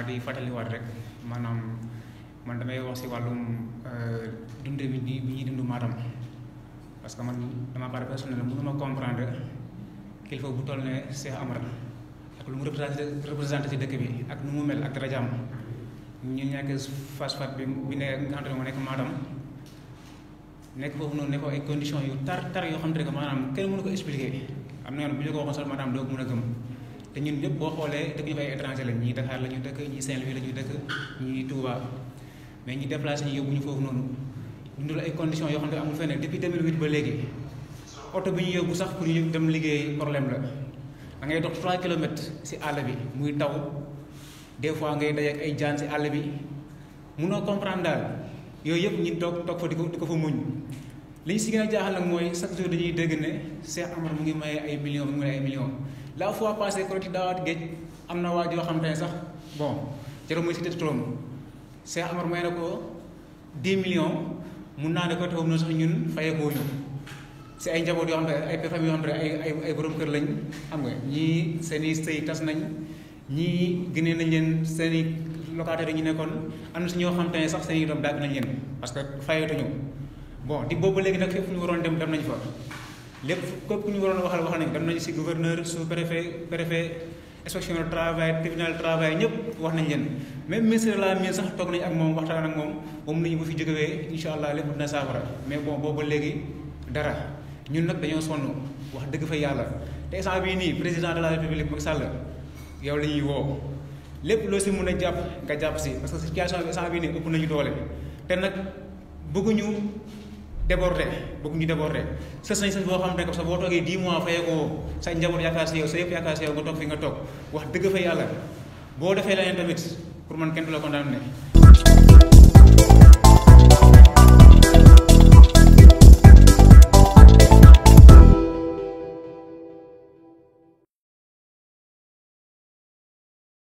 xanaa di fàttaliwaat rek maanaam man damay wax si wàllum euh, dundee bi bi ñuy dund Matam parce que man dama part personnel mënuma comprendre kilifa bu toll ne Cheikh Amar ak lu mu représenté représenté si dëkk bi ak nu mu mel ak darajaam ñu nekk face face bi bi ne nga xam te ne moo nekk Matam nekk foofu noonu nekk ay conditions yu tar tar yoo xam ne maanaam kenn mënu ko expliquer am na yoon bu ñu ko waxoon sax maanaam doo ko a gëm. te ñun ñëpp boo xoolee dëkk ñu fay étranger lañ ñii Dakar la ñu dëkk ñii Saint-Louis la ñu dëkk ñii Touba mais ñi déplacé ñu yóbbu ñu foofu noonu dundal ay conditions yoo xam ne amul feneen depuis 2008 ba léegi oto bi ñu yóbbu sax pour ñu dem liggéey problème la da ngay dox 3 kilomètres si àll bi muy taw des fois ngay daje ay jaan si àll bi munoo comprendre daal yooyu yëpp ñi toog toog fa di ko di fa muñ li si gën a jaaxal nag mooy chaque jour dañuy dégg ne Cheikh Amar mu ngi maye ay millions mu ngi maye ay millions. la fois passée ko ci daawaat géej am na waa joo xam ne sax bon jërë muy si tëdd turam Cheikh Amar may na ko 10 millions mun naa ne ko taxum na sax ñun fayeekoo ñu si ay njaboot yoo xam ne ay famille yoo xam ne kër lañ xam nga ñii seen i sëy tas nañ ñii génnee nañ leen seen i locataires yi ñu nekkoon am na si ñoo xam te ne sax seen i doom dàgg nañ leen parce que fayatuñu bon di boobu léegi nag fépp ñu waroon dem dem nañ fa. lépp képp ku ñu waroon waxal wax nañ dem nañ si gouverneur sous préfet préfet inspection du travail tribunal du travail ñëpp wax nañ leen même ministre de la mine sax toog nañ ak moom waxtaan ak moom moom nañu bu fi jógewee incha allah lépp dina saafara mais bon boobu léegi dara ñun nag dañoo sonn wax dëgg fa yàlla te instant bii nii président de la république Macky Sall yow la ñuy woo lépp loo si mun a jàpp nga jàpp si parce que situation bi instant bii nii ëpp nañu doole te nag bëgguñu. débordé bëgg ñu débordé sës nañ sës boo xam ne boo toogee 10 mois fayee ko sa njaboot yaakaar si yow sa yëpp yaakaar si yow nga toog fi nga toog wax dëgg fa yàlla boo defee leneen tamit pour man kenn du la condamné